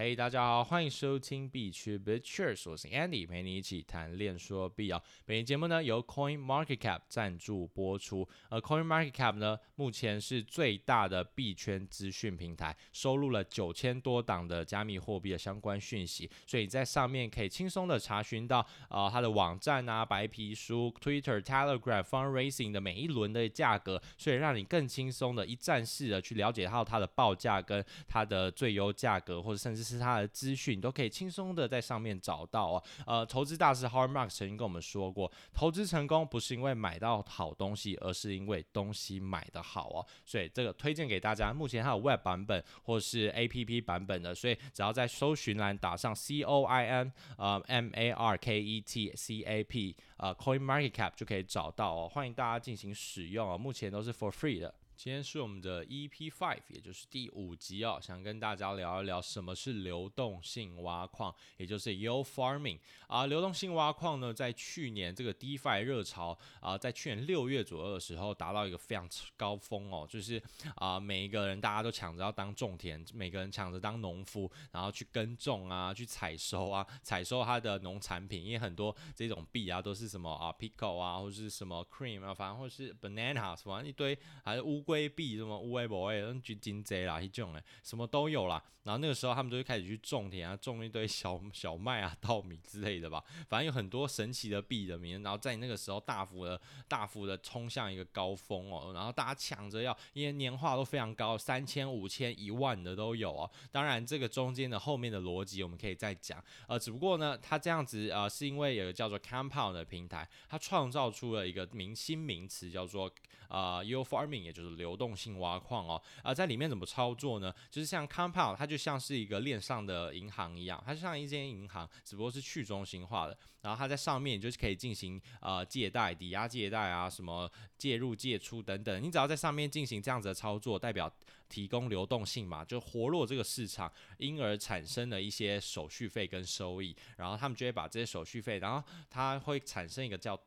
嘿，hey, 大家好，歡迎收聽幣圈必聽我是 Andy，陪你一起談鏈說幣啊、哦。本期節目呢由 Coin Market Cap 贊助播出，而 Coin Market Cap 呢目前是最大的幣圈資訊平台，收錄了九千多檔的加密貨幣的相關訊息，所以你在上面可以輕鬆的查詢到啊、呃、它的網站啊、白皮書、Twitter、Telegram、Fundraising 的每一輪的價格，所以讓你更輕鬆的一站式的去了解到它的報價跟它的最優價格，或者甚至，是他的資訊都可以輕鬆的在上面找到哦。呃，投資大師 Howard Marks 曾經跟我們說過，投資成功不是因為買到好東西，而是因為東西買得好哦。所以這個推薦給大家，目前它有 Web 版本或是 APP 版本的，所以只要在搜尋欄打上 Coin 呃 MarketCap 呃 Coin MarketCap 就可以找到哦。歡迎大家進行使用哦，目前都是 For Free 的。今天是我們的 EP Five，也就是第五集哦，想跟大家聊一聊什麼是流動性挖礦，也就是 Yield Farming 啊、呃。流動性挖礦呢，在去年這個 DeFi 熱潮啊、呃，在去年六月左右的時候，達到一個非常高峰哦，就是啊、呃，每一個人大家都搶着要當種田，每個人搶着當農夫，然後去耕種啊，去採收啊，採收他的農產品，因為很多這種幣啊，都是什麼啊 Pico 啊，或者是什麼 Cream 啊，反正或是 Banana，反正、啊、一堆還是烏。規避什麼烏龜博愛，然後金賊啦，這種嘞，什麼都有啦。然後那個時候他們就會開始去種田啊，種一堆小小麥啊、稻米之類的吧。反正有很多神奇的幣的名字。然後在那個時候大幅的、大幅的衝向一個高峰哦、喔。然後大家搶着要，因為年化都非常高，三千、五千、一萬的都有哦、喔。當然這個中間的後面的邏輯我們可以再講。呃，只不過呢，他這樣子呃，是因為有個叫做 Compound 的平台，他創造出了一個明星名詞叫做呃 Yield Farming，也就是流動性挖礦哦，啊、呃，在裡面怎麼操作呢？就是像 Compound，它就像是一個鏈上的銀行一樣，它就像一間銀行，只不過是去中心化的。然後它在上面就是可以進行呃借貸、抵押借貸啊，什麼借入、借出等等。你只要在上面進行這樣子的操作，代表提供流動性嘛，就活絡這個市場，因而產生了一些手續費跟收益。然後他們就會把這些手續費，然後它會產生一個叫。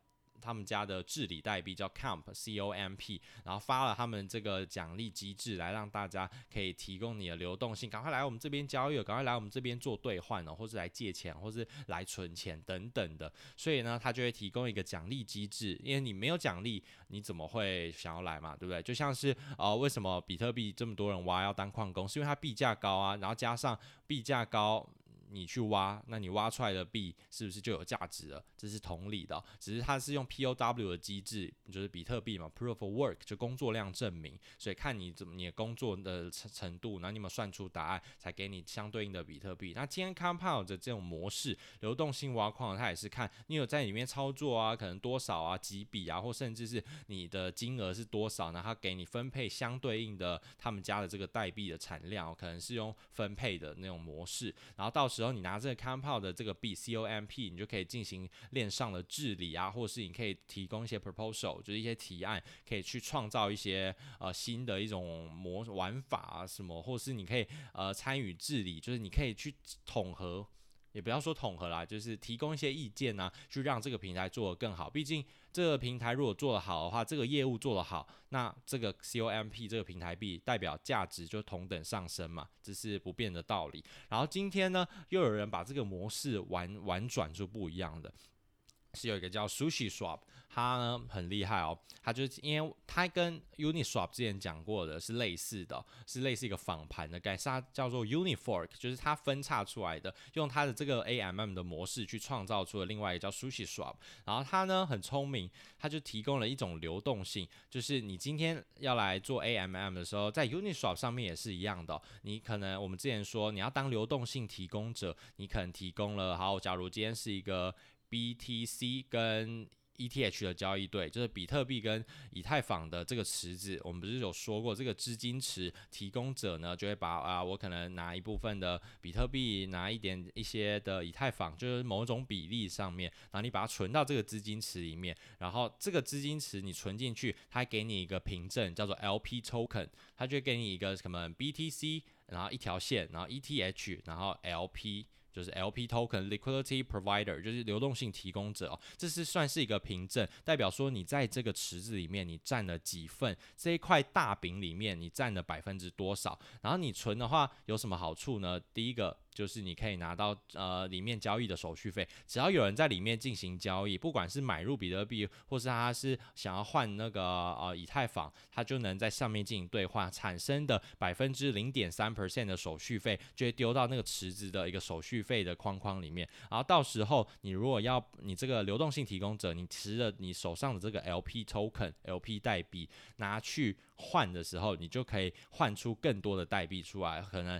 他們家的治理代幣叫 COMP，C O M P，然後發了他們這個獎勵機制來讓大家可以提供你的流動性，趕快來我們這邊交易，趕快來我們這邊做兌換哦，或是來借錢，或是來存錢等等的。所以呢，他就會提供一個獎勵機制，因為你沒有獎勵，你怎麼會想要來嘛，對不對？就像是呃，為什麼比特幣這麼多人挖要當礦工，是因為它幣價高啊，然後加上幣價高。你去挖，那你挖出來的幣是不是就有價值了？這是同理的，只是它是用 POW 的機制，就是比特幣嘛，Proof of Work 就工作量證明，所以看你怎麼你的工作的程度，然後你有沒有算出答案，才給你相對應的比特幣。那今天 Compound 的這種模式，流動性挖礦，它也是看你有在裡面操作啊，可能多少啊，幾筆啊，或甚至是你的金額是多少，然後它給你分配相對應的他們家的這個代幣的產量，可能是用分配的那種模式，然後到時。然後你拿這個 Compound 的這個 B C O M P，你就可以進行鏈上的治理啊，或是你可以提供一些 proposal，就是一些提案，可以去創造一些呃新的一種模玩法啊什麼，或是你可以呃參與治理，就是你可以去統合。也不要說統合啦，就是提供一些意見吶、啊，去讓這個平台做得更好。畢竟這個平台如果做得好的話，這個業務做得好，那這個 COMP 這個平台幣代表價值就同等上升嘛，這是不變的道理。然後今天呢，又有人把這個模式玩玩轉，就不一樣的。是有一個叫 Sushi Swap，它呢很厲害哦。它就是因為它跟 Uniswap 之前講過的是類似的，是類似一個仿盤的概念。它叫做 Uni Fork，就是它分叉出來的，用它的這個 AMM 的模式去創造出了另外一個叫 Sushi Swap。然後它呢很聰明，它就提供了一種流動性，就是你今天要來做 AMM 的時候，在 Uniswap 上面也是一樣的哦。你可能我們之前說你要當流動性提供者，你可能提供了。好，假如今天是一個 B T C 跟 E T H 的交易對，就是比特幣跟以太坊的這個池子。我們不是有說過，這個資金池提供者呢，就會把啊，我可能拿一部分的比特幣，拿一點一些的以太坊，就是某種比例上面，然後你把它存到這個資金池裡面。然後這個資金池你存進去，它給你一個憑證，叫做 L P token，它就會給你一個什麼 B T C，然後一條線，然後 E T H，然後 L P。就是 LP token liquidity provider，就是流動性提供者哦。這是算是一個憑證，代表說你在這個池子裡面你占了幾份，這一塊大餅裡面你占了百分之多少。然後你存的話有什麼好處呢？第一個。就是你可以拿到呃裡面交易的手續費，只要有人在裡面進行交易，不管是買入比特幣，或是他是想要換那個呃以太坊，他就能在上面進行兌換，產生的百分之零點三 percent 的手續費就會丟到那個池子的一個手續費的框框裡面。然後到時候你如果要你這個流動性提供者，你持着你手上的這個 LP token、LP 代幣拿去換的時候，你就可以換出更多的代幣出來，可能。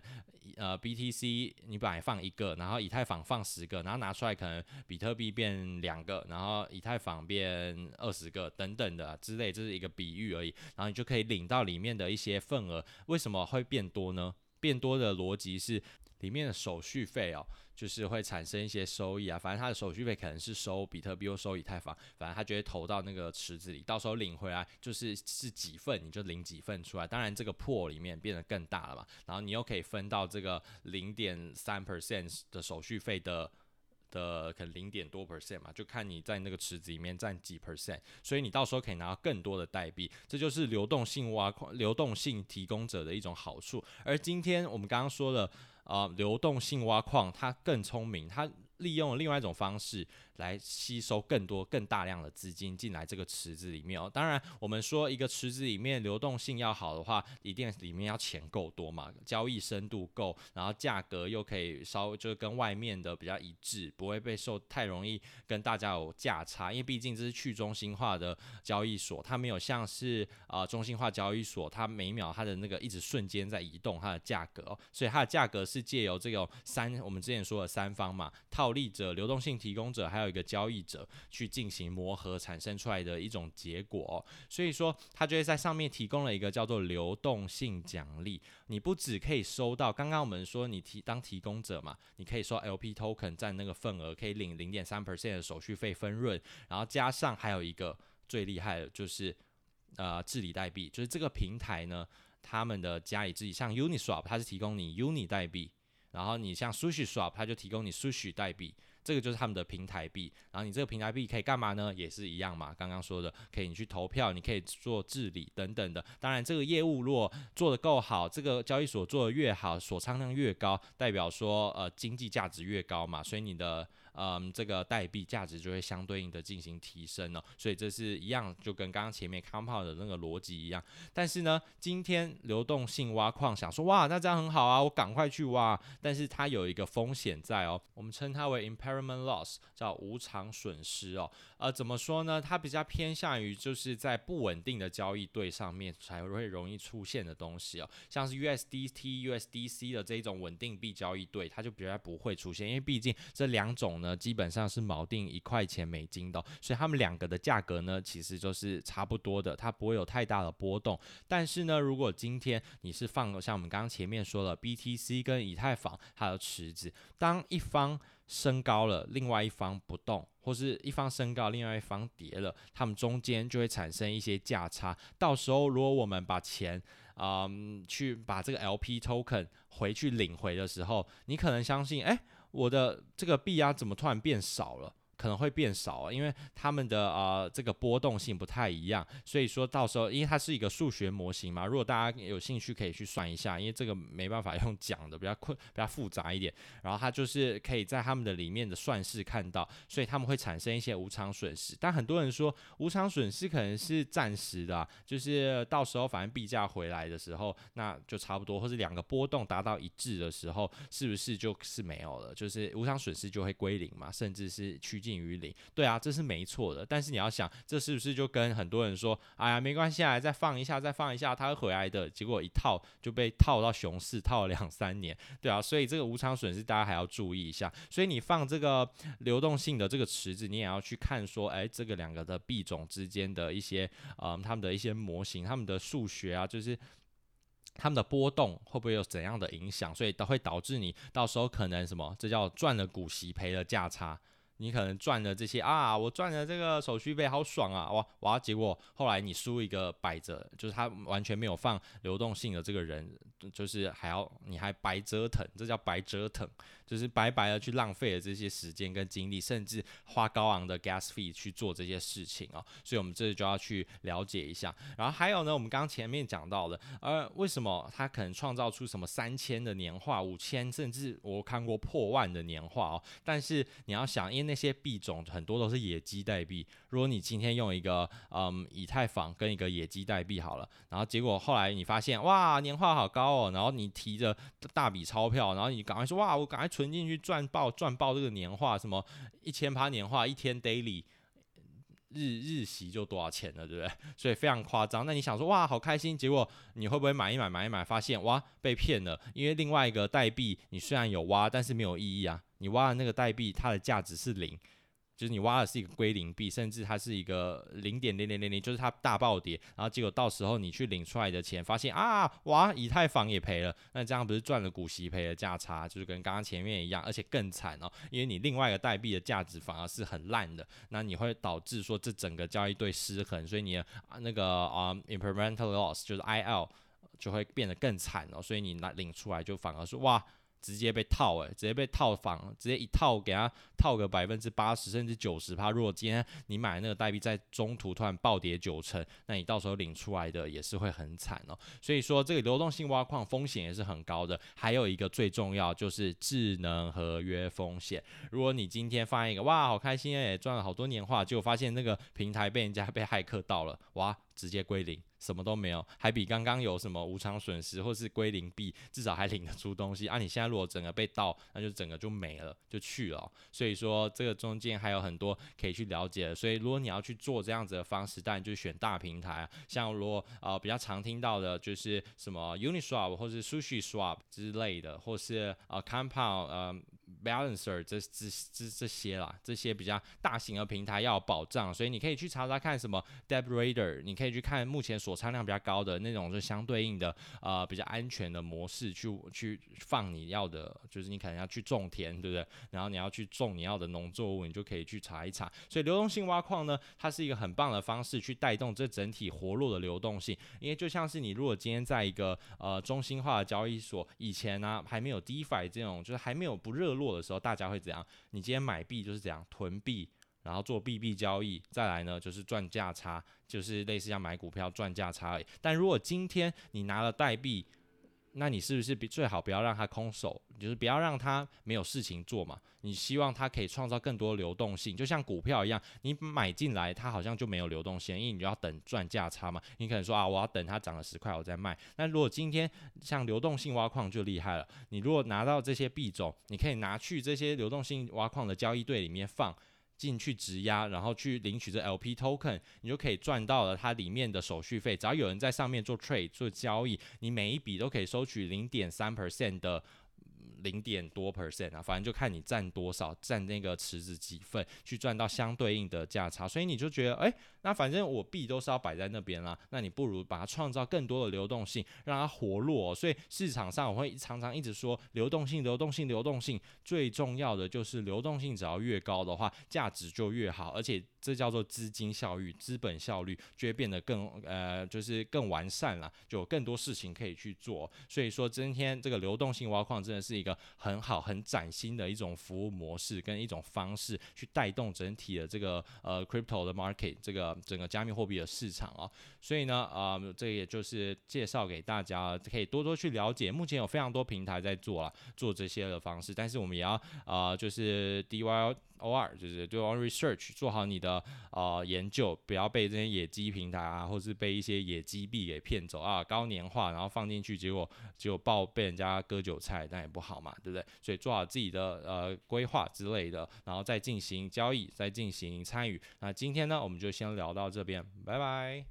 呃，BTC 你本來放一個，然後以太坊放十個，然後拿出來可能比特幣變兩個，然後以太坊變二十個等等的，啊、之類的，這是一個比喻而已。然後你就可以領到裡面的一些份額。為什麼會變多呢？變多的邏輯是。裡面的手續費哦，就是會產生一些收益。啊，反正他的手續費可能是收比特幣或收以太坊，反正他就會投到那個池子裡，到時候領回來就是是幾份，你就領幾份出來。當然這個 pool 裡面變得更大了嘛，然後你又可以分到這個零點三 percent 的手續費的的可能零點多 percent 嘛，就看你在那個池子裡面占幾 percent，所以你到時候可以拿到更多的代幣，這就是流動性挖礦、流動性提供者的一種好處。而今天我們剛剛說了。啊，流動性挖礦，它更聰明，它利用了另外一種方式。來吸收更多、更大量的資金進來這個池子裡面哦。當然，我們說一個池子裡面流動性要好的話，一定裡面要錢夠多嘛，交易深度夠，然後價格又可以稍微就是跟外面的比較一致，不會被受太容易跟大家有價差。因為畢竟這是去中心化的交易所，它沒有像是啊、呃中心化交易所，它每秒它的那個一直瞬間在移動它的價格哦，所以它的價格是借由這個三我們之前說的三方嘛，套利者、流動性提供者還有。一個交易者，去進行磨合產生出來的一種結果，哦，所以說他就會在上面提供了一個叫做流動性獎勵。你不只可以收到，剛剛我們說你提當提供者嘛，你可以說 LP token 占那個份額，可以領零點三 percent 的手續費分潤，然後加上還有一個最厲害的，就是呃治理代幣，就是這個平台呢，他們的加以自己像 Uniswap，它是提供你 Uni 代幣，然後你像 Sushi Swap，它就提供你 Sushi 代幣。這個就是他們的平台幣，然後你這個平台幣可以幹嘛呢？也是一樣嘛，剛剛說的，可以你去投票，你可以做治理等等的。當然，這個業務若做得夠好，這個交易所做得越好，鎖倉量越高，代表說呃經濟價值越高嘛，所以你的嗯、呃、這個代幣價值就會相對應的進行提升了。所以這是一樣，就跟剛剛前面 Compound 的那個邏輯一樣。但是呢，今天流動性挖礦想說哇，那這樣很好啊，我趕快去挖、啊。但是它有一個風險在哦，我們稱它為 Impera。Impermanent loss 叫無償損失哦，呃，怎麼說呢？它比較偏向於就是在不穩定的交易對上面才會容易出現的東西哦，像是 USDT、USDC 的這一種穩定幣交易對，它就比較不會出現，因為畢竟這兩種呢，基本上是錨定一塊錢美金的哦，所以它們兩個的價格呢，其實就是差不多的，它不會有太大的波動。但是呢，如果今天你是放像我們剛剛前面說的 BTC 跟以太坊它的池子，當一方升高了，另外一方不動，或是一方升高，另外一方跌了，他們中間就會產生一些價差。到時候如果我們把錢嗯去把這個 LP token 回去領回的時候，你可能相信，哎，我的這個幣啊怎麼突然變少了？可能會變少，因為他們的呃這個波動性不太一樣，所以說到時候，因為它是一個數學模型嘛，如果大家有興趣可以去算一下，因為這個沒辦法用講的，比較睏比較複雜一點。然後它就是可以在他們的裡面的算式看到，所以他們會產生一些無常損失。但很多人說無常損失可能是暫時的啊，就是到時候反正幣價回來的時候，那就差不多，或者兩個波動達到一致的時候，是不是就是沒有了，就是無常損失就會歸零嘛，甚至是趨近。於零，對啊，這是沒錯的。但是你要想，這是不是就跟很多人說，哎呀，沒關係，啊，再放一下，再放一下，他會回來的。結果一套就被套到熊市，套了兩三年，對啊。所以這個無常損失大家還要注意一下。所以你放這個流動性的這個池子，你也要去看說，哎，這個兩個的幣種之間的一些，嗯、呃，他們的一些模型，他們的數學啊，就是他們的波動會不會有怎樣的影響？所以都會導致你到時候可能什麼，這叫賺了股息，賠了價差。你可能賺的這些啊，我賺的這個手續費好爽啊，哇哇！結果後來你輸一個擺着，就是他完全沒有放流動性的這個人，就是還要你還白折騰，這叫白折騰，就是白白的去浪費了這些時間跟精力，甚至花高昂的 gas fee 去做這些事情啊、哦。所以我們這就要去了解一下。然後還有呢，我們剛前面講到的，而、呃、為什麼他可能創造出什麼三千的年化、五千，甚至我看過破萬的年化哦，但是你要想，因為那那些幣種很多都是野雞代幣。如果你今天用一個嗯以太坊跟一個野雞代幣好了，然後結果後來你發現哇年化好高哦，然後你提着大筆鈔票，然後你趕快說哇我趕快存進去賺爆賺爆這個年化，什麼一千趴年化一天 daily 日日息就多少錢了，對不對？所以非常誇張。那你想說哇好開心，結果你會不會買一買買一買，發現哇被騙了？因為另外一個代幣你雖然有挖，但是沒有意義啊。你挖的那個代幣，它的價值是零，就是你挖的是一個歸零幣，甚至它是一個零點零零零零，就是它大暴跌，然後結果到時候你去領出來的錢，發現啊，哇，以太坊也賠了，那這樣不是賺了股息，賠了價差，就是跟剛剛前面一樣，而且更慘哦，因為你另外一個代幣的價值反而是很爛的，那你會導致說這整個交易對失衡，所以你的那個啊，um，impermanent loss 就是 IL 就會變得更慘哦，所以你拿領出來就反而是哇。直接被套哎，直接被套房，直接一套給他套個百分之八十甚至九十趴。如果今天你買那個代幣在中途突然暴跌九成，那你到時候領出來的也是會很慘哦。所以說這個流動性挖礦風險也是很高的。還有一個最重要就是智能合約風險。如果你今天發現一個哇，好開心哎，賺了好多年化，結果發現那個平台被人家被駭客到了哇。直接歸零，什麼都沒有，還比剛剛有什麼無常損失或是歸零幣，至少還領得出東西啊！你現在如果整個被盜，那就整個就沒了，就去了。所以說，這個中間還有很多可以去了解的。所以，如果你要去做這樣子的方式，但你就選大平台，像如果呃比較常聽到的就是什麼 Uniswap 或是 Sushi Swap 之類的，或是呃 Compound，呃 Balancer 這這這這些啦，這些比較大型的平台要有保障，所以你可以去查查看什麼 DebRader，你可以去看目前鎖倉量比較高的那種，就相對應的呃比較安全的模式去去放你要的，就是你可能要去種田，對不對？然後你要去種你要的農作物，你就可以去查一查。所以流動性挖礦呢，它是一個很棒的方式去帶動這整體活絡的流動性，因為就像是你如果今天在一個呃中心化的交易所，以前呢，啊，還沒有 DeFi 這種，就是還沒有不熱絡。的時候，大家會怎樣？你今天買幣就是怎樣，囤幣，然後做幣幣交易，再來呢就是賺價差，就是類似像買股票賺價差而已。但如果今天你拿了代幣，那你是不是最好不要讓他空手，就是不要讓他沒有事情做嘛？你希望他可以創造更多流動性，就像股票一樣，你買進來它好像就沒有流動性，因為你就要等賺價差嘛。你可能說啊，我要等它漲了十塊我再賣。那如果今天像流動性挖礦就厲害了，你如果拿到這些幣種，你可以拿去這些流動性挖礦的交易對裡面放。進去質押，然後去領取這 LP token，你就可以賺到了它裡面的手續費。只要有人在上面做 trade，做交易，你每一筆都可以收取零點三 percent 的。零點多 percent 啊，反正就看你佔多少，佔那個池子幾份，去賺到相對應的價差。所以你就覺得，哎，那反正我幣都是要擺在那邊啦，那你不如把它創造更多的流動性，讓它活絡哦。所以市場上我會常常一直說，流動性，流動性，流動性，最重要的就是流動性，只要越高的話，價值就越好，而且這叫做資金效率、資本效率，就會變得更呃，就是更完善了，就有更多事情可以去做。所以說，今天這個流動性挖礦真的是一個。很好，很嶄新的一種服務模式跟一種方式，去帶動整體的這個呃 crypto 的 market，這個整個加密貨幣的市場哦。所以呢，呃，這個、也就是介紹給大家，可以多多去了解。目前有非常多平台在做啊，做這些的方式。但是我們也要啊、呃，就是 DYOR，就是 Do on research，做好你的、呃、研究，不要被這些野雞平台啊，或是被一些野雞幣給騙走啊，高年化，然後放進去，結果結果就爆被人家割韭菜，那也不好嘛。對不對？所以做好自己的呃規劃之類的，然後再進行交易，再進行參與。那今天呢，我們就先聊到這邊，拜拜。